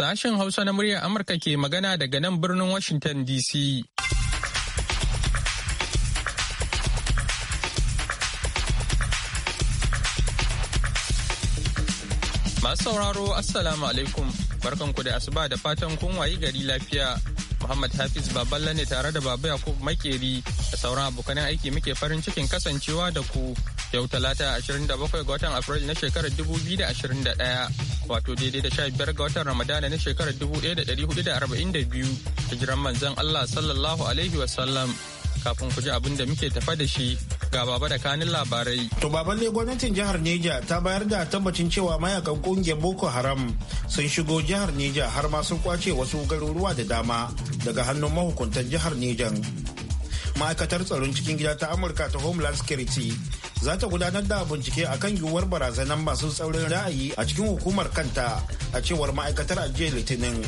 Sashen Hausa na muryar Amurka ke magana daga nan birnin Washington DC. Masu sauraro, Assalamu alaikum, barkanku da asuba da fatan kun wayi gari lafiya. Muhammad Hafiz Baballa ne tare da Baba Yakub Makeri da sauran abokan aiki muke farin cikin kasancewa da ku yau talata 27 ga watan Afrilu na shekarar 2021 wato daidai da 15 ga watan Ramadana na shekarar 1442 hijiran manzon Allah sallallahu alaihi sallam. kafin ku ji abin da muke tafa da shi ga baba da kanin labarai. To baban ne gwamnatin jihar Neja ta bayar da tabbacin cewa mayakan kungiyar Boko Haram sun shigo jihar Neja har ma sun kwace wasu garuruwa da dama daga hannun mahukuntan jihar neja Ma'aikatar tsaron cikin gida ta Amurka ta Homeland Security za ta gudanar da bincike a kan yiwuwar barazanar masu tsaurin ra'ayi a cikin hukumar kanta a cewar ma'aikatar ajiyar litinin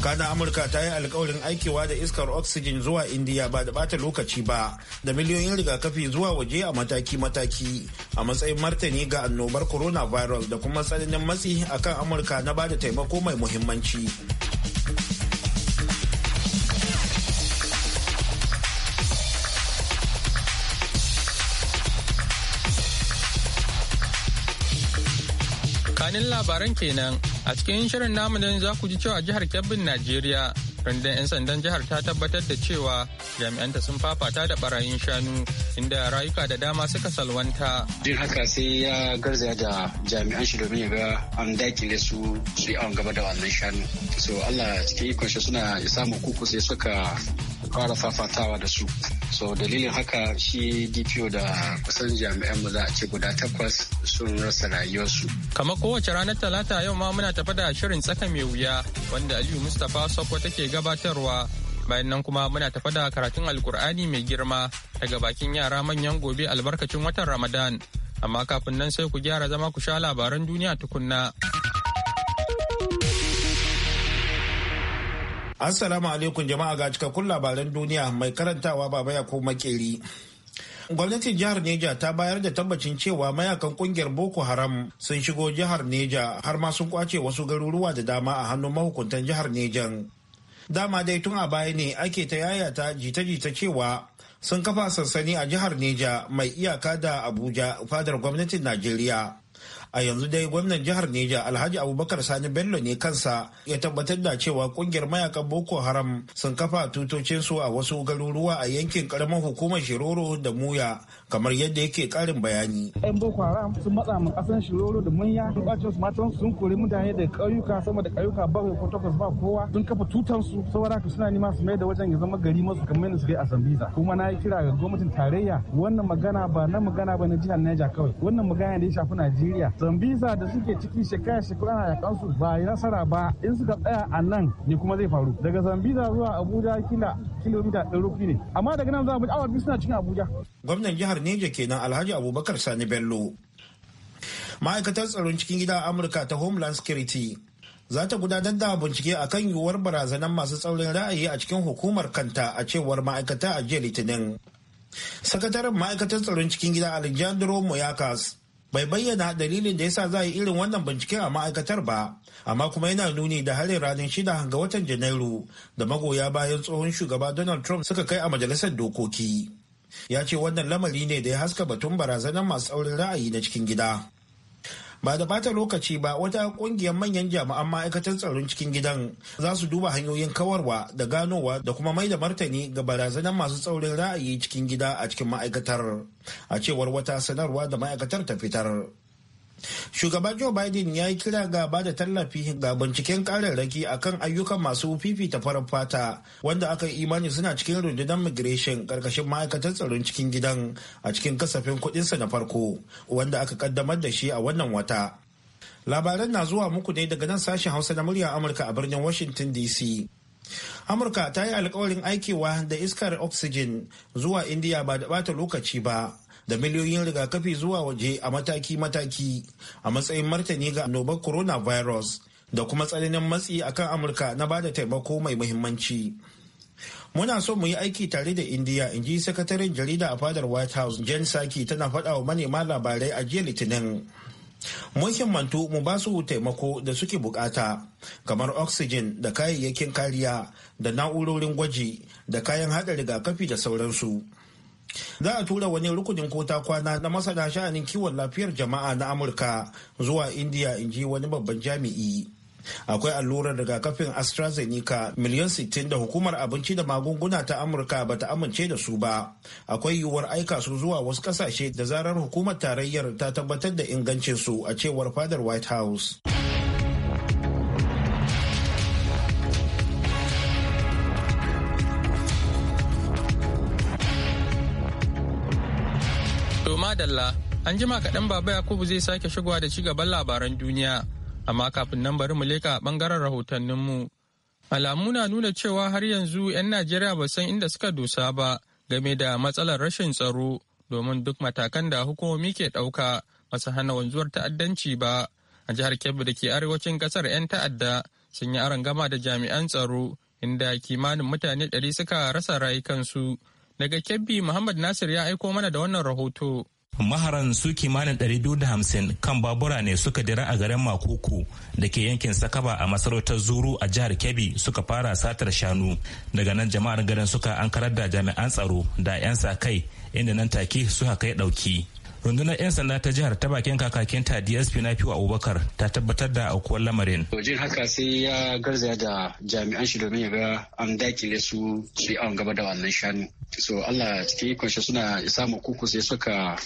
kana amurka ta yi alkawarin aikewa da iskar oxygen zuwa indiya ba da bata lokaci ba da miliyoyin rigakafi zuwa waje a mataki-mataki a matsayin martani ga annobar coronavirus da kuma tsananin matsi akan amurka na bada taimako mai muhimmanci. kanin labaran kenan a cikin shirin namu za ku ji cewa jihar kebbin najeriya rundun 'yan sandan jihar ta tabbatar da cewa jami'anta sun fafata da barayin shanu inda rayuka da dama suka salwanta. Din haka sai ya garzaya da jami'an shi domin ya ga an dakile su su yi awon gaba da wannan shanu. So Allah cikin ikon suna suna samun kuku sai suka fara fafatawa da su. so dalilin haka shi dpo da kusan jami'an mu za a ce guda takwas sun rasa rayuwarsu kamar kowace ranar talata yau ma muna tafa da shirin tsaka mai wuya wanda aliyu mustapha sokwa take gabatarwa bayan nan kuma muna tafa da karatun alkur'ani mai girma daga bakin yara manyan gobe albarkacin watan ramadan amma kafin nan sai ku gyara zama ku sha labaran duniya tukunna. Assalamu alaikum jama'a ga cikakkun labaran duniya mai karantawa baba ya ko makeri. gwamnatin jihar neja ta bayar da tabbacin cewa mayakan kungiyar boko haram sun shigo jihar neja har ma sun kwace wasu garuruwa da dama a hannun mahukuntan jihar nejan dama dai tun a baya ne ake ta yayata jita-jita cewa sun kafa sansani a jihar neja mai iyaka da abuja fadar gwamnatin najeriya a yanzu dai gwamnan jihar neja alhaji abubakar sani bello ne kansa ya tabbatar da cewa kungiyar mayakan boko haram sun kafa tutocinsu a wasu garuruwa a yankin karamar hukumar shiroro da muya kamar yadda yake karin bayani yan boko haram sun matsa mu kasan shiroro da munya sun bace su matan sun kori mutane da kayuka sama da kayuka ba ko takwas ba kowa sun kafa su. saboda ka suna nima su mai da wajen ya zama gari masu kamar su kai a zambiza kuma na yi kira ga gwamnatin tarayya wannan magana ba na magana ba na jihar neja kawai wannan magana da ya shafi najeriya Najeriya. da suke ciki shekara shekara na yakan su ba yi nasara ba in suka tsaya a nan ne kuma zai faru. Daga zambiza zuwa Abuja kila kilomita ɗari ne. Amma daga nan za mu awa biyu suna cikin Abuja. Gwamnan jihar Neja kenan Alhaji Abubakar Sani Bello. Ma'aikatar tsaron cikin gida Amurka ta Homeland Security za ta gudanar da bincike a kan yiwuwar barazanar masu tsaurin ra'ayi a cikin hukumar kanta a cewar ma'aikata a jiya litinin sakataren ma'aikatar tsaron cikin gida alejandro moyakas bai bayyana dalilin da ya sa za a yi irin wannan bincike a ma'aikatar ba amma kuma yana nuni da harin ranar shida ga watan janairu da magoya bayan tsohon shugaba donald trump suka kai a majalisar dokoki ya ce wannan lamari ne da ya haska batun barazanar masu tsaurin ra'ayi na cikin gida ba da bata lokaci ba wata kungiyar manyan jami'an ma'aikatar tsaron cikin gidan za su duba hanyoyin kawarwa da ganowa da kuma mai da martani ga barazanar masu tsaurin ra'ayi cikin gida a cikin ma'aikatar a cewar wata sanarwa da ma'aikatar ta fitar Shugaba Joe Biden ya yi kira ga ba da tallafi ga binciken a kan ayyukan masu fifi ta farar fata wanda aka yi imani suna cikin rundunar migration karkashin ma'aikatar tsaron cikin gidan a cikin kasafin kudinsa na farko wanda aka ƙaddamar da shi a wannan wata. Labaran na zuwa muku ne daga nan sashen Hausa na murya Amurka a birnin Washington DC. Amurka ta yi alkawarin aikewa da iskar oxygen zuwa Indiya ba da bata lokaci ba. da miliyoyin rigakafi zuwa waje a mataki-mataki a matsayin martani ga annobar coronavirus da kuma tsananin matsi a kan amurka na bada taimako mai muhimmanci muna so mu yi aiki tare da indiya in ji sakataren jarida a fadar white house jen saki tana faɗa wa manema labarai a jiya litinin muhimmantu mu ba su taimako da suke bukata kamar oxygen da kayayyakin kariya da na'urorin gwaji da kayan haɗa rigakafi da sauransu za a tura wani rukunin kota kwana na masana sha'anin kiwon lafiyar jama'a na amurka zuwa India in ji wani babban jami'i akwai allurar rigakafin astrazeneca miliyan 60 da hukumar abinci da magunguna ta amurka ba ta amince da su ba akwai yiwuwar aika su zuwa wasu kasashe da zarar hukumar tarayyar ta tabbatar da ingancinsu a cewar fadar white house madalla an jima kaɗan baba yakubu zai sake shigowa da ci gaban labaran duniya amma kafin nan bari mu leka a ɓangaren rahotanninmu alamu na nuna cewa har yanzu 'yan najeriya ba san inda suka dosa ba game da matsalar rashin tsaro domin duk matakan da hukumomi ke ɗauka masu hana wanzuwar ta'addanci ba a jihar kebbi da ke arewacin kasar 'yan ta'adda sun yi gama da jami'an tsaro inda kimanin mutane ɗari suka rasa rayukansu daga kebbi muhammad nasir ya aiko mana da wannan rahoto maharan su kimanin 250 kan babura ne suka dira a garin makuku da ke yankin sakaba a masarautar zuru a jihar kebbi suka fara satar shanu daga nan jama'ar garin suka an karar da jami'an tsaro da 'yan sa kai inda nan take suka kai dauki rundunar 'yan sanda ta jihar ta bakin kakakin ta dsp na fiwa abubakar ta tabbatar da aukuwar lamarin wajen haka sai ya garzaya da jami'an shi domin ya ga an dakile su shi an gaba da wannan shanu so allah cikin ikon suna isa kuku sai suka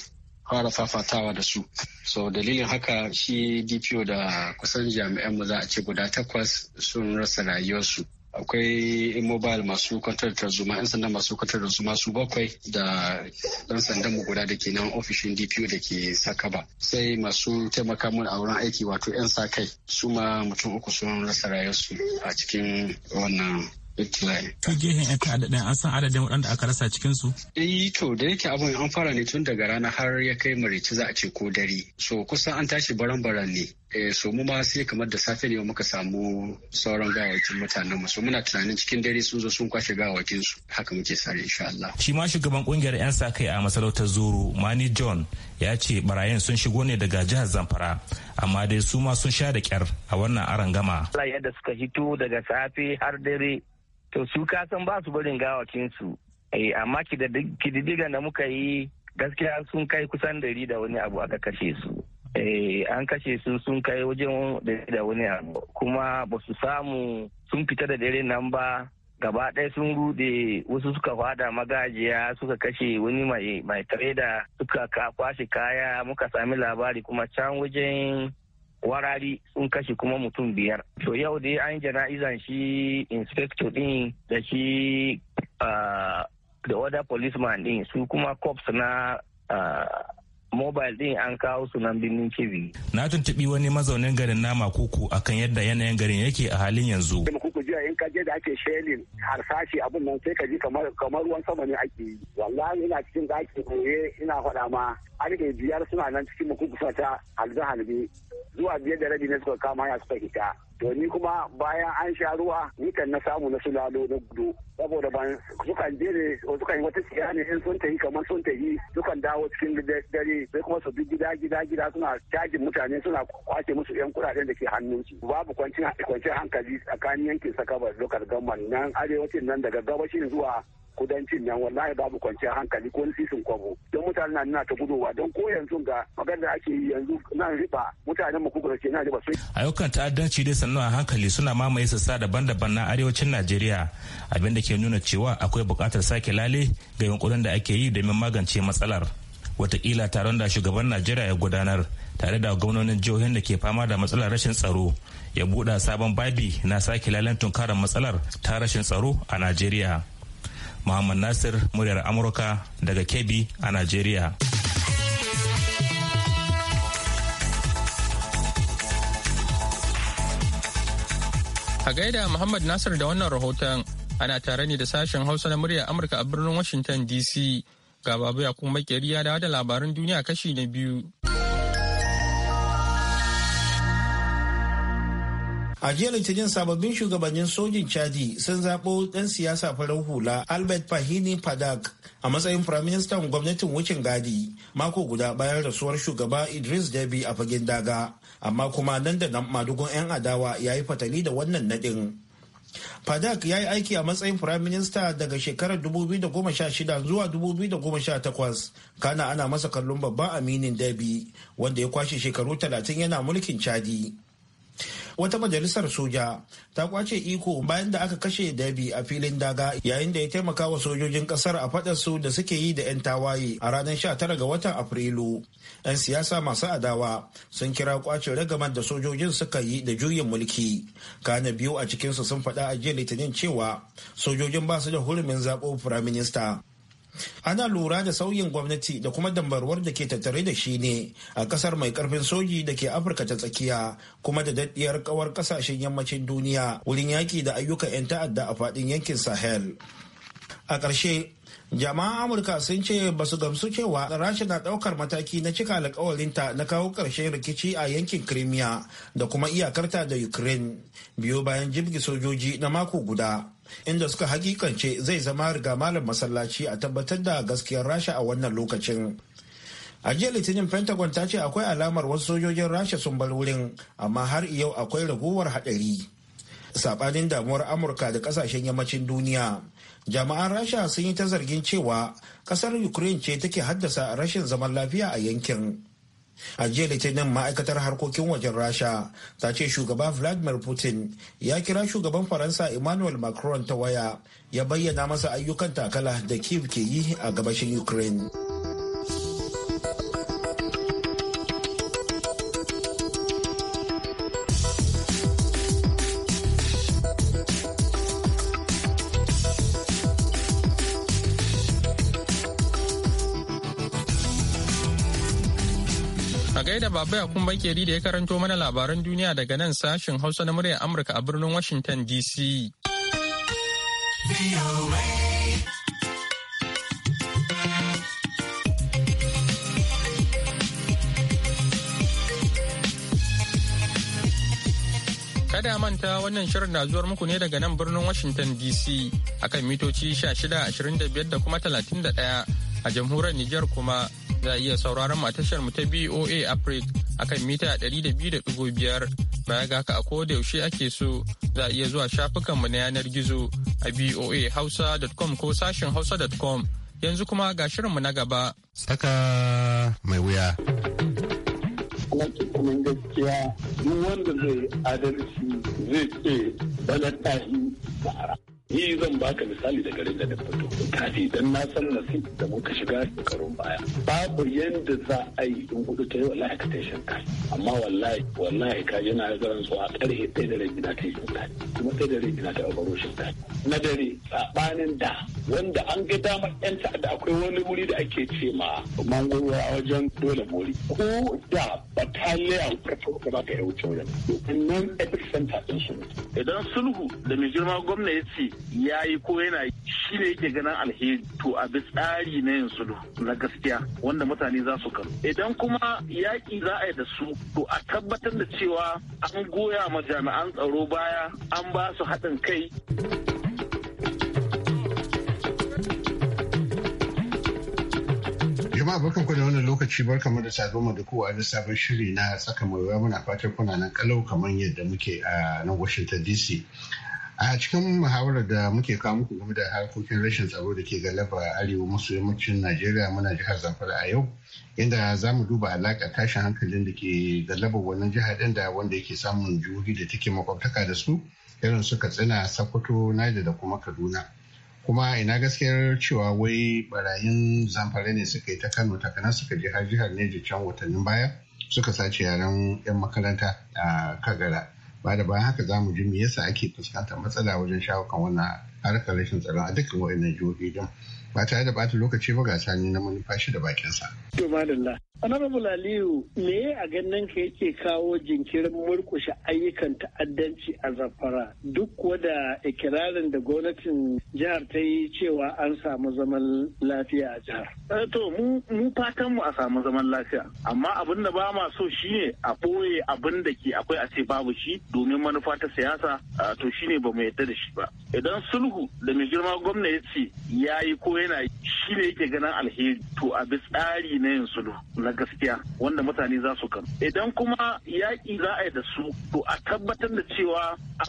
fara fafatawa da su so dalilin haka shi dpo da kusan jami'an mu za a ce guda takwas sun rasa rayuwarsu akwai mobile masu kwantar tarzoma yan sanda masu kwantar tarzoma su bakwai da 'yan sandan mu guda da ke nan ofishin dpo da ke sakaba sai masu taimaka mun a wurin aiki wato yan sa kai su ma mutum uku sun rasa rayuwarsu a cikin wannan Ta gehen yan an san adadin waɗanda aka rasa cikin su? Eh to da yake abun an fara ne tun daga rana har ya kai marici za a ce ko dare. So kusan an tashi baran-baran ne. Eh, so mu ma sai kamar da safe ne muka samu sauran gawakin mutanen mu so muna tunanin cikin dare sun zo sun kwashe gawakin su haka muke sare insha Allah shi ma shugaban kungiyar yan sa kai a masarautar Zuru Mani John ya ce barayin sun shigo ne daga jihar Zamfara amma dai su ma sun sha da kyar a wannan gama. Allah yadda suka hito daga safe har dare to su ka san ba su barin gawakin su eh amma kididdigan da muka yi gaskiya sun kai kusan dari da wani abu aka kashe su Eh, an kashe su sun kai wajen da wani abu kuma ba su samu sun fita da dare nan ba gaba ɗaya sun rude wasu suka fada magajiya suka kashe wani mai tare da suka kwashe kaya muka sami labari kuma can wajen warari sun kashe kuma mutum biyar to yau dai an jana'izan shi inspector din da shi ah, da other policeman din su kuma cops na ah, mobile din an kawo sunan nan birnin Kebbi. Na tuntuɓi wani mazaunin garin Nama Kuku akan yadda yanayin garin yake a halin yanzu. jiya in ka je da ake shelin harsashi abin nan sai ka ji kamar ruwan sama ne ake yi wallahi ina cikin daki koye ina faɗa ma ke biyar suna nan cikin mukukusa ta halbe-halbe zuwa biyar da rabi ne suka kama ya suka fita to ni kuma bayan an sha ruwa ni kan na samu na sulalo na gudu saboda ban sukan je ne sukan yi wata siya ne in sun tafi kamar sun tafi sukan dawo cikin dare sai kuma su bi gida gida gida suna cajin mutane suna kwace musu yan kuraɗen da ke hannunsu babu kwanci hankali tsakanin yankin ta gabar local government nan arewacin nan daga gabashin zuwa kudancin nan wallahi babu kwanciyar hankali ko sisin kwabo don mutane na ta gudowa don ko yanzu ga magana ake yi yanzu na riba mutane mu kukura ke nan riba sai ayyukan ta'addanci dai sannu a hankali suna mamaye sassa daban-daban na arewacin Najeriya abinda ke nuna cewa akwai buƙatar sake lale ga yunkurin da ake yi domin magance matsalar watakila taron da shugaban Najeriya ya gudanar tare da gwamnonin jihohin da ke fama da matsalar rashin tsaro ya buɗa sabon babi na sake lalan tunkarar matsalar ta rashin tsaro a najeriya muhammad nasir muryar amurka daga kebbi a najeriya a gaida muhammad nasir da wannan rahoton ana tare ne da sashen hausa na muryar amurka a birnin washington dc ga babu ya kuma makeri ya dawo da labaran duniya kashi na biyu A jiya Litinin sababbin shugabannin sojin Chadi sun zaɓo ɗan siyasa farar hula Albert Fahini Padak a matsayin firaministan gwamnatin wucin gadi mako guda bayan rasuwar shugaba Idris Deby a fagen daga. Amma kuma nan da nan madugun 'yan adawa ya yi fatali da wannan naɗin. Padak ya yi aiki a matsayin firaminista daga shekarar 2016 zuwa 2018 kana ana masa kallon babban aminin Deby wanda ya kwashe shekaru 30 yana mulkin Chadi. wata majalisar soja ta kwace iko bayan da aka kashe dabi a filin daga yayin da ya taimaka wa sojojin kasar a fadar su da suke yi da 'yan tawaye a ranar 19 ga watan afrilu 'yan siyasa masu adawa sun kira kwace ragamar da sojojin suka yi da juyin mulki kana biyu a cikinsu sun faɗa a jiya litinin cewa sojojin ba su da hurumin zaɓo firaminista ana lura da sauyin gwamnati da kuma dambarwar da ke tattare da shi ne a kasar mai karfin soji da ke afirka ta tsakiya kuma da daddiyar kawar kasashen yammacin duniya wurin yaki da ayyukan 'yan ta'adda a fadin yankin sahel a ƙarshe jama'an amurka sun ce ba su gamsu cewa rasha na ɗaukar mataki na cika alkawarinta na kawo ƙarshen rikici a yankin crimea da kuma iyakarta da ukraine biyo bayan jibgi sojoji na mako guda inda suka hakikance zai zama riga malam masallaci a tabbatar da gaskiyar rasha a wannan lokacin a jiya litinin pentagon ta ce akwai alamar wasu sojojin rasha sun bar wurin amma har yau akwai raguwar hadari sabanin damuwar amurka da kasashen yammacin duniya Jama'an rasha sun yi ta zargin cewa kasar ukraine ce take haddasa rashin zaman lafiya a yankin a jiya litinin ma'aikatar harkokin wajen rasha ta ce shugaba vladimir putin ya kira shugaban faransa emmanuel macron ta waya ya bayyana masa ayyukan takala da kiev ke yi a gabashin ukraine baba ya kuma bakeri da ya karanto mana labaran duniya daga nan sashen hausa na muryar amurka a birnin washington dc Kada manta wannan shirin na zuwar muku ne daga nan birnin Washington DC akan mitoci 25 da kuma 31 a jamhuriyar Nijar kuma za a iya sauraron mu a tashar mu ta BOA Africa akan mita 200.5 baya ga haka a koda yaushe ake so za a iya zuwa shafukan mu na yanar gizo a boahausa.com ko sashin hausa.com yanzu kuma ga shirinmu na gaba. Saka mai wuya. kuma gaskiya duk wanda zai adalci zai ce bala yi tsara. Ni zan baka misali da garin da na fito. Kadi dan na san nasib da muka shiga karun baya. Babu yanda za a yi in kudu ta yi wallahi ka tashi kai. Amma wallahi wallahi ka yana na zaran su a karhe ɗaya da rabi na ta yi shinkari. Kuma sai da rabi na ta baro kai Na dare sabanin da wanda an ga dama yan ta'adda akwai wani wuri da ake ce ma mangoro a wajen dole bori. Ko da bataliya. ka ka ba ka yi wuce wajen. Nan su. Idan sulhu da mai girma gwamna ya ce ya yi ko yana shi ne yake ganin alheri to a bi tsari na yin sulhu na gaskiya wanda mutane za su karu idan kuma yaƙi za a yi da su to a tabbatar da cewa an goya ma jami'an tsaro baya an ba su haɗin kai jama'a barkan ku da wannan lokaci barkan da mu da kowa da sabon shiri na tsaka mai muna fatan kuna nan kalau kamar yadda muke a nan washington dc a cikin muhawarar da muke kawo muku game da harkokin rashin tsaro da ke galaba arewa maso yammacin najeriya muna jihar zamfara a yau inda za mu duba alaƙa tashin hankalin da ke galaba wannan jihar ɗin da wanda yake samun jihohi da take makwabtaka da su irin su katsina sokoto naija da kuma kaduna kuma ina gaskiyar cewa wai barayin zamfara ne suka yi ta kano takana suka je har jihar neja can watannin baya suka sace yaren 'yan makaranta a kagara ba da bayan haka zamu ji me yasa ake fuskantar matsala wajen shawo kan wannan harkar rashin tsaro a dukkan wayannan jihohi din ba tare da bata lokaci ba ga sani na manufashi da bakinsa. To madalla. Honorable Aliyu, me a ganin ka yake kawo jinkirin murkushe ayyukan ta'addanci a zafara duk wada ikirarin da gwamnatin jihar ta yi cewa an samu zaman lafiya a jihar? Eh, to, mu fatan mu a samu zaman lafiya, amma abin da ba ma so shine a ɓoye abin da ke akwai a ce babu shi domin manufa ta siyasa to shine ba mu yarda da shi ba. Idan sulhu da mai girma gwamna ya ce ya yi ko yana shi ne yake ganin alheri to a bi tsari na yin sulhu gaskiya wanda mutane za su kan idan kuma yaƙi za a yi da su to a tabbatar da cewa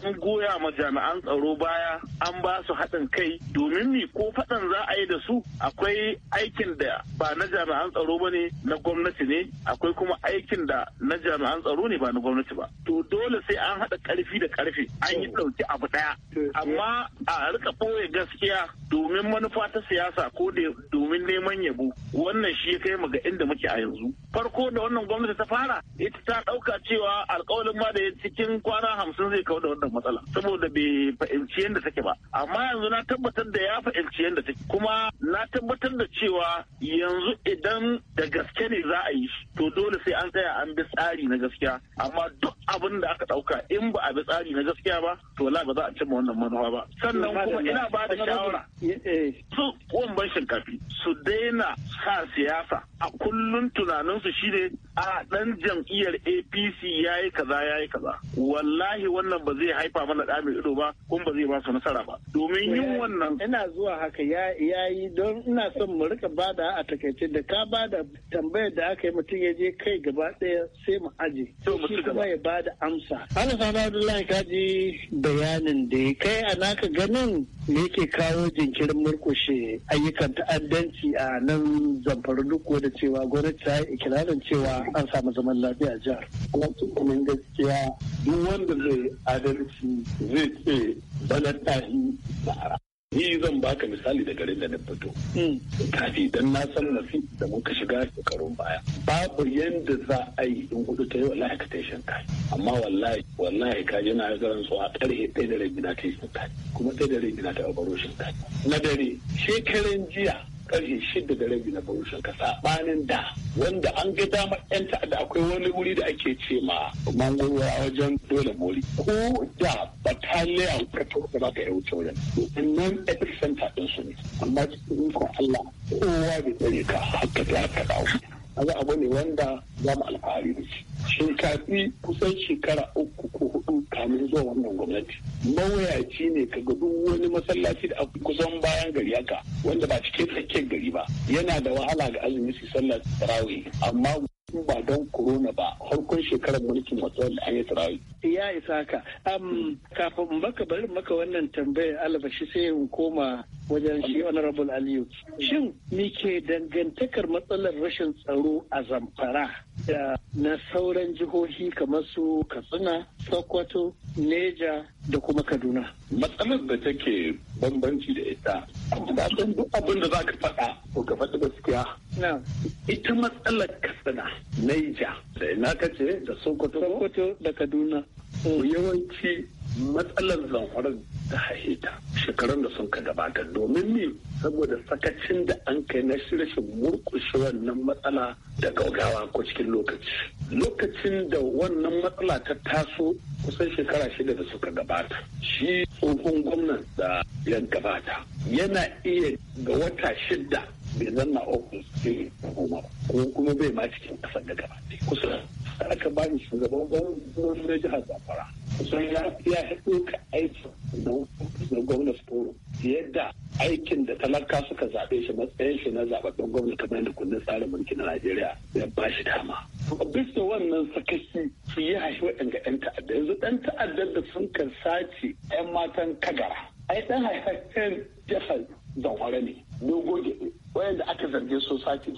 an goya ma jami'an tsaro baya an ba su haɗin kai domin ni ko faɗan za a yi da su akwai aikin da ba na jami'an tsaro ba ne na gwamnati ne akwai kuma aikin da na jami'an tsaro ne ba na gwamnati ba to dole sai an haɗa ƙarfi da ƙarfe an yi ɗauki abu ɗaya amma a rika ɓoye gaskiya domin manufa ta siyasa ko domin neman yabo wannan shi ya kai mu ga inda muke a yanzu farko da wannan gwamnati ta fara ita ta ɗauka cewa alkawalin ma da cikin kwana hamsin zai kawo da wannan matsala saboda bai fahimci yadda take ba amma yanzu na tabbatar da ya fahimci yadda take kuma na tabbatar da cewa yanzu idan da gaske ne za a yi to dole sai an tsaya an bi tsari na gaskiya amma duk abin da aka ɗauka in ba a bi tsari na gaskiya ba to la ba za a cimma wannan manufa ba sannan kuma ina ba da shawara eh, eh. su wamban shinkafi su daina sa siyasa a kullum. tunaninsu shine a ɗan jam'iyyar apc ya yi kaza ya yi kaza wallahi wannan ba zai haifa mana ɗa mai ido ba kun ba zai ba su nasara ba domin yin eh, wannan ina zuwa haka ya yi don ina son mu rika bada a takaice da ka bada tambayar da aka yi mutum ya je kai gaba ɗaya sai mu aje shi kuma ya bada amsa ana sa abdullahi ka ji bayanin da ya kai a naka ganin me yake kawo jinkirin murkushe ayyukan ta'addanci a nan zamfara duk da cewa gwamnati ta yi ikirarin cewa an samu zaman lafiya a jihar. Kuma tukunin gaskiya duk wanda zai adalci zai ce bana tahi bara. Ni zan baka misali da garin da na fito. Hmm. Kafi dan na san nasi da muka shiga shekarun baya. Babu yadda za a yi in kudu ta yi wallahi ka taishin kai. Amma wallahi wallahi ka ji na zaran so a karhe ɗaya da rabi na taishin kai. Kuma ɗaya da rai na ta baro shin kai. Na dare shekaran jiya karfe shida da rabi na barushin kasa sabanin da wanda an ga damar yan ta'adda akwai wani wuri da ake ce ma a wajen dole mori ko da bataliyan kwato da ka yi wuce wajen wannan epicenter din su ne amma cikin ikon Allah kowa bai tsare ka haka ta haka dawo kaga abu ne wanda za mu alfahari da shi shinkafi kusan shekara uku ko hudu kamin zuwa wannan gwamnati mawuyaci ne ka ga duk wani masallaci da kusan bayan gari haka wanda ba cikin tsakiyar gari ba yana da wahala ga azumi su sallar tarawih amma in ba don corona ba harkon shekarar mulkin matsalar an yi turawi. ya isa ka kafin maka bari maka wannan tambayar albashi sai in koma wajen shi honorable aliyu shin ni ke dangantakar matsalar rashin tsaro a zamfara da na sauran jihohi kamar su katsina sokoto neja da kuma kaduna matsalar da take bambanci da ita da duk abin da za ka faɗa ko ka faɗi gaskiya ita matsalar katsina naija da ina ka ce da sokoto da kaduna yawanci matsalar zamfarar ta ta shekarun da sun ka gabata domin ne saboda sakacin da an kai na rashin murkushe wannan matsala da gaugawa ko cikin lokaci lokacin da wannan matsala ta taso kusan shekara shida da suka gabata shi tsohon gwamnan da ya gabata yana iya ga wata shida bai zanna ofis sai goma ko kuma bai ma cikin kasar da gaba kusa aka ba ni shugaban gwamnati na jihar zamfara kusan ya ya ka aiki na gwamnati foro yadda aikin da talaka suka zaɓe shi matsayin shi na zaɓaɓɓen gwamnati kamar yadda kundin tsarin mulki na najeriya ya ba shi dama bisa wannan sakaci su yi haifi waɗanda ɗan ta'adda yanzu ɗan ta'addar da sun kan sace 'yan matan kagara ai ɗan haifafen jihar zawara ne dogoge wayanda aka zarge su sace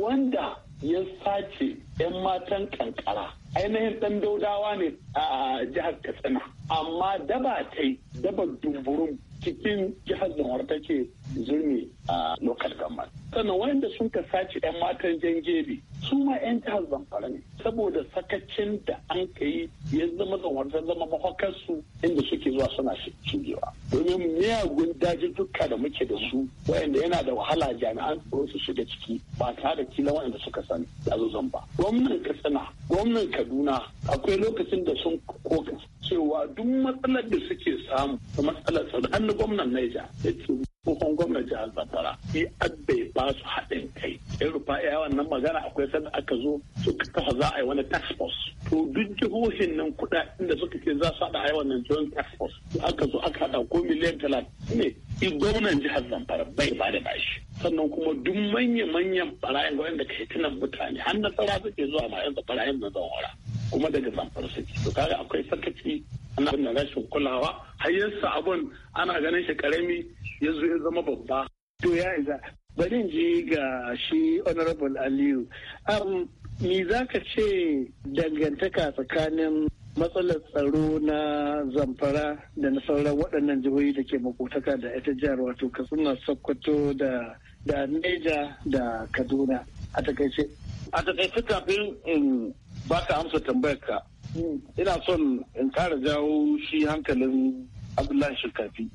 wanda ya sace 'yan matan kankara ainihin dan daudawa ne a jihar katsina amma daba ta daba dumburum cikin jihar zawar take jini a local government sannan wanda sun ka sace 'yan matan jangebe su ma 'yan jihar zamfara ne saboda sakacin da an ka yi ya zama zama zama su. inda suke zuwa suna shigewa domin miyagun dajijjuka da muke da su wayanda yana da wahala jami'an tsoro su shiga ciki ba tare da kila wayanda suka sani dazuzan ba gwamnan katsina gwamnan kaduna akwai lokacin da sun koka cewa duk matsalar da suke samu da matsalar tsaro an gwamnan naija ya ce tsohon gwamnan jihar zamfara shi bai ba su haɗin kai in rufa ya wannan magana akwai sanda aka zo suka kafa za a yi wani task force to duk jihohin nan kuɗaɗen da suka ce za su haɗa a yi wannan joint task force aka zo aka haɗa ko miliyan talatin ne gwamnan jihar zamfara bai ba da bashi sannan kuma duk manya-manyan barayin wanda ka tunan mutane har nasara suke zuwa ma yanzu barayin na zawara kuma daga zamfara suke to kaga akwai sakaci ana rashin kulawa har yasa abun ana ganin shi karami ya ya zama babba to ya isa bari in ji ga shi honorable aliyu Ni za ka ce dangantaka tsakanin matsalar tsaro na zamfara da na sauran waɗannan jihohi da ke makotaka da ita jihar wato katsina sokoto da da neja da kaduna a takaice a takaice kafin in baka amsa tambayar ka hmm. ina son in kara jawo shi hankalin abdullahi shinkafi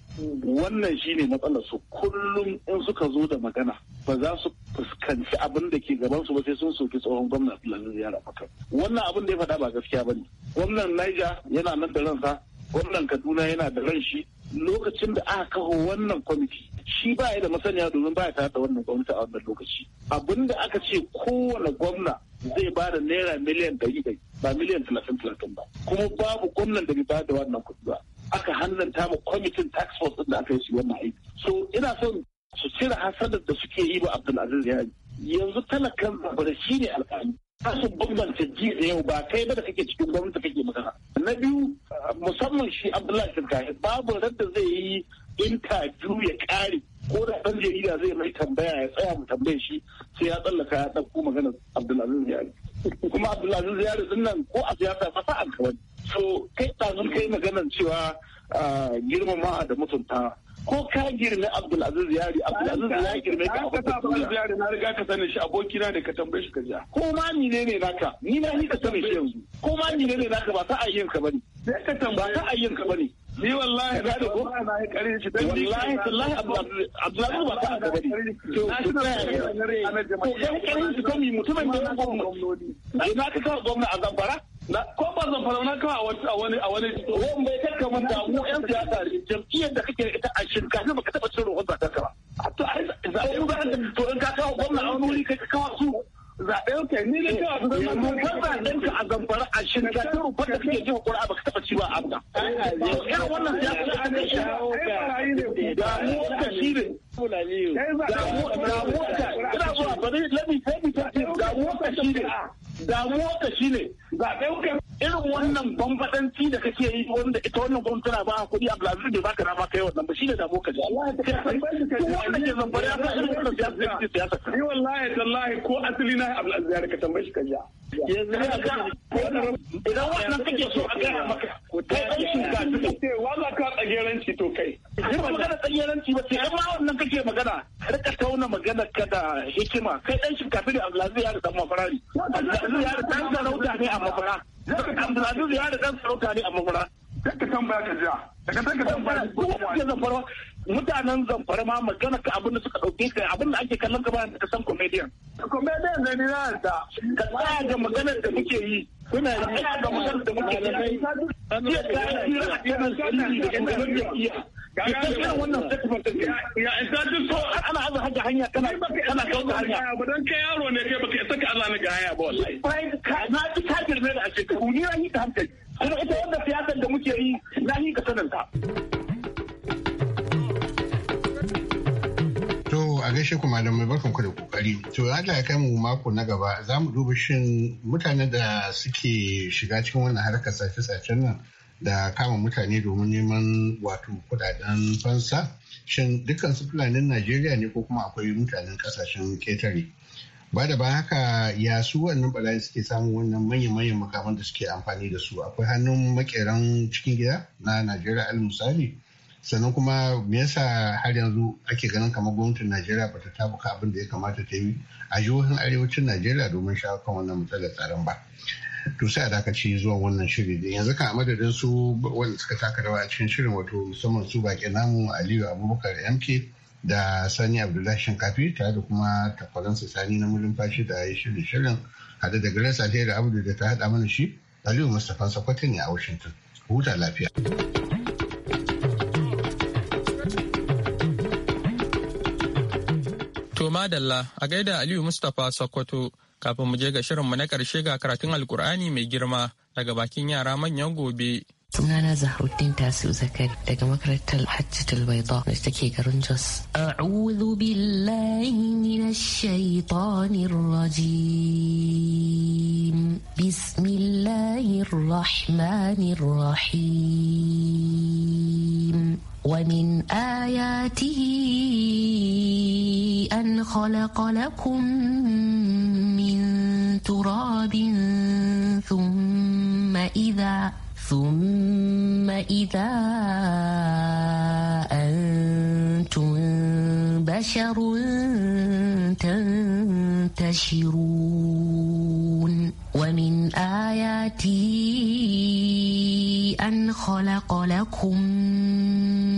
wannan shine matsalar su kullum in suka zo da magana ba za su fuskanci abin da ke gaban su ba sai sun soki tsohon gwamna abdullahi yara bakar wannan abin da ya faɗa ba gaskiya ba ne gwamnan niger yana nan da ransa gwamnan kaduna yana da ran shi lokacin da aka kawo wannan kwamiti shi ba ya da masaniya domin ba ya tare da wannan gwamnati a wannan lokaci da aka ce kowane gwamna zai ba da naira miliyan ɗari ɗari ba miliyan talatin talatin ba kuma babu gwamnan da bai ba da wannan kuɗi ba aka hanzarta ma kwamitin tax force da aka yi su wannan aiki so ina son su cire hasadar da suke yi ba abdulaziz ya yanzu talakan zabar shi ne alƙali su bambanta ji da yau ba kai ba da kake cikin gwamnati kake magana na biyu musamman shi abdullahi shirkahi babu radda zai yi interview ya kare ko da ɗan jarida zai mai tambaya ya tsaya mu tambaye shi sai ya tsallaka ya ɗauko magana Abdulaziz ziyari Kuma Abdulaziz ziyari din nan ko a siyasa ba sa'an ka wani. So kai ɗazun kai magana cewa girmama da mutunta ko ka girme Abdulaziz Yari Abdulaziz ya girme ka Abdulaziz Abdulaziz Yari na riga ka sanin shi abokina da ka tambaye shi ka ja. Ko ma ni ne ne naka ni na ni ka sanin shi yanzu ko ma ni ne ne naka ba sa'an yin ka bane. Ba ta ayyanka ba bane. ni wallahi da da na yi kare shi dan wallahi wallahi abdullahi ba ta da bari to shi da ya ne to kare shi kan mutumin da gwamnati ka kawo gwamnati a zambara na ko ba zan fara a wani a wani a wani wani bai takka mun da mu yan siyasa ne jam'iyyar da kake ita a shinkafa baka taba cin rohon ba ta ka ba to ai za mu ga to in ka kawo gwamnati a wani wuri ka kawo su zaɓen ka ni da cewa rubutun zaɓen ka a gambara a shi da ta rubar da kake jin kura ba ka taɓa ciwa a abda. Ya wannan siyasa da aka shi damuwar ka mu ne. ka ina zuwa bari ka shi ne. mu ka shi ne ka irin wannan bambadanci da kake yi wanda ita wannan gwamnati tana ba kuɗi Abdulaziz bai baka rama kai wannan ba shi ne damo ka ji Allah ya kai sai wanda ke zambara ya fa irin wannan siyasa ne siyasa ni wallahi tallahi ko asali na Abdulaziz ya ka tambaye shi ka ji idan wannan kake so a gaya maka kai aikin shuka suka ce wa za ka tsageranci to kai in ba magana tsageranci ba sai amma wannan kake magana rika tauna magana ka da hikima kai dan shinkafi da Abdulaziz ya da mafarari Abdulaziz ya da dan sarauta ne a mafara Abdulaziz ya da dan sarauta ne a mafara kaka tambaya ka ja daga kaka tambaya ko ya zafara mutanen zamfara ma magana ka abin da suka dauke ka abin da ake kallon ka ba da san comedian comedian ne ni na da ka tsaya ga maganar da muke yi kuna tsaya ga maganar da muke yi iya a cikin da kuma ya ka da a yi ita wannan siyasar yi a gaishe ku malamai barkan ku da kokari. To Allah ya kai mu mako na gaba za mu duba shin mutanen da suke shiga cikin wannan harkar sace-sacen nan da kama mutane domin neman wato kudaden fansa shin dukkan su fulanin Najeriya ne ko kuma akwai mutanen kasashen ketare. Ba da ba haka ya su wannan bala'i suke samun wannan manya-manyan makaman da suke amfani da su akwai hannun makeran cikin gida na Najeriya al misali. sannan kuma me yasa har yanzu ake ganin kamar gwamnatin najeriya bata tabuka abin da ya kamata ta yi a jihohin arewacin najeriya domin shawo kan wannan matsalar tsaron ba to sai a dakaci zuwa wannan shiri da yanzu kan madadin su wanda suka taka rawa a cikin shirin wato musamman su baƙi namu aliyu abubakar mk da sani abdullahi shinkafi tare da kuma takwaransa sani na mulin fashi da ya shirin shirin hada da grace alheri da ta haɗa mana shi aliyu mustapha sakwati ne a washington huta lafiya madalla a gaida Aliyu Mustapha Sokoto kafin mu je ga shirinmu na ƙarshe ga karatun Alƙur'ani mai girma daga bakin yara manyan gobe. sunana Zahruddin Tasiu Zakari daga makarantar Hajjatul Baida da take garin Jos. A'udhu billahi minash shaitanir rajim. Bismillahir rahmanir rahim. ومن آياته أن خلق لكم من تراب ثم إذا أنتم بشر تنتشرون ومن آياته أن خلق لكم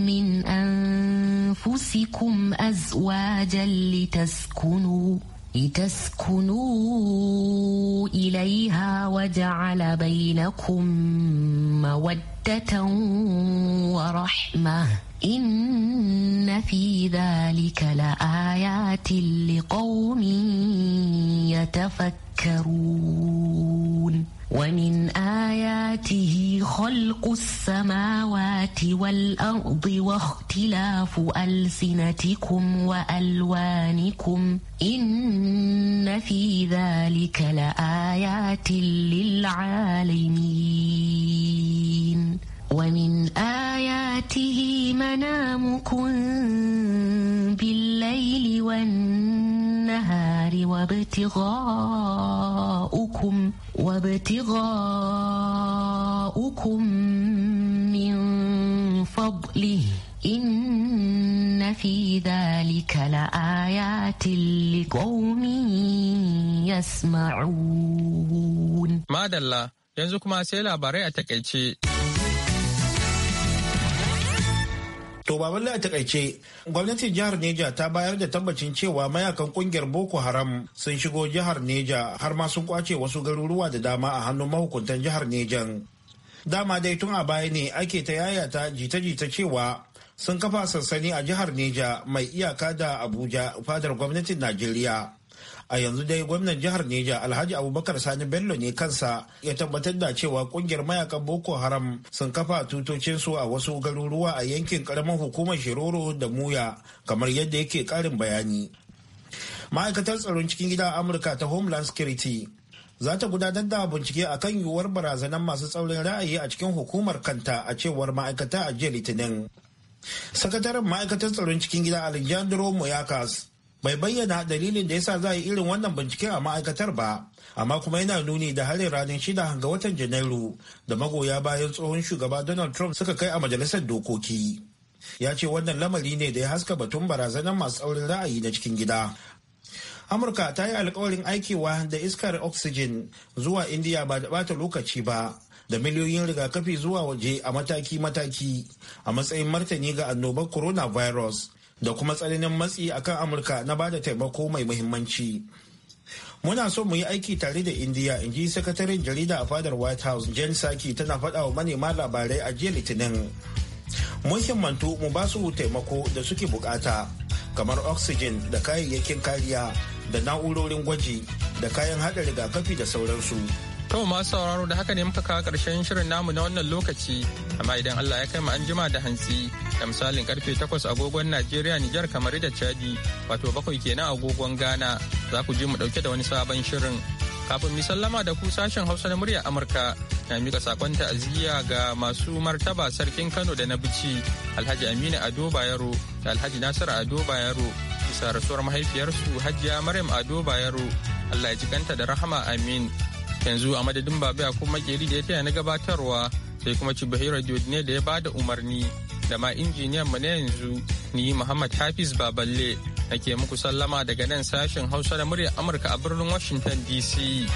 من أنفسكم أزواجا لتسكنوا لتسكنوا إليها وجعل بينكم مودة ورحمة إن في ذلك لآيات لقوم يتفكرون ومن آياته خلق السماوات والأرض واختلاف ألسنتكم وألوانكم إن في ذلك لآيات للعالمين ومن آياته منامكم بالليل والنهار النار وابتغاؤكم وابتغاؤكم من فضله إن في ذلك لآيات لقوم يسمعون ما دلّا ينزكما سيلا بريئة تكيتشي To baban a takaice, gwamnatin jihar Neja ta bayar da tabbacin cewa mayakan kungiyar Boko Haram sun shigo jihar Neja har ma sun kwace wasu garuruwa da dama a hannun mahukuntan jihar Nejan. Dama dai tun a baya ne ake ta yayata jita-jita cewa sun kafa sansani a jihar Neja mai iyaka da Abuja fadar gwamnatin Najeriya. a yanzu dai gwamnan jihar neja alhaji abubakar sani bello ne kansa ya tabbatar da cewa kungiyar mayakan boko haram sun kafa tutocinsu a wasu garuruwa a yankin karamar hukumar shiroro da muya kamar yadda yake karin bayani ma'aikatar tsaron cikin gida amurka ta homeland security za ta gudanar da bincike a kan yiwuwar barazanar masu tsaurin ra'ayi a cikin hukumar kanta a cewar ma'aikata a jiya litinin sakataren ma'aikatar tsaron cikin gida alejandro moyakas bai bayyana dalilin da yasa za a yi irin wannan binciken a ma'aikatar ba amma kuma yana nuni da harin ranar shida ga watan janairu da magoya bayan tsohon shugaba donald trump suka kai a majalisar dokoki ya ce wannan lamari ne da ya haska batun barazanar masu tsaurin ra'ayi na cikin gida amurka ta yi alkawarin aikewa da iskar oxygen zuwa indiya ba da bata lokaci ba da miliyoyin rigakafi zuwa waje a mataki-mataki a matsayin martani ga annobar coronavirus da kuma tsananin matsi akan amurka na ba da taimako mai muhimmanci muna so mu yi aiki tare da indiya in ji sakataren jarida a fadar white house jen saki tana faɗa wa manema labarai a jiya litinin muhimmantu mu ba su taimako da suke bukata kamar oxygen da kayayyakin kariya da na'urorin gwaji da kayan haɗa rigakafi da sauransu To masu sauraro da haka ne muka kawo ƙarshen shirin namu na wannan lokaci, amma idan Allah ya kai mu an jima da hantsi, da misalin karfe 8 agogon Najeriya Nijar kamar da Chadi, wato bakwai kenan agogon Ghana, za ku ji mu ɗauke da wani sabon shirin. Kafin mu sallama da ku sashen Hausa na murya Amurka na mika sakon ta'aziyya ga masu martaba sarkin Kano da na bici Alhaji Aminu Ado Bayero da Alhaji Nasiru Ado Bayero bisa rasuwar mahaifiyarsu Hajiya Maryam Ado Bayero. Allah ya jikanta da rahama amin. yanzu a madadin babu ya kuma makeri da ya taya na gabatarwa sai kuma ci bahira ne da ya ba da umarni da ma injiniyan mu na yanzu ni muhammad hafiz baballe nake muku sallama daga nan sashen hausa da muryar amurka a birnin washington dc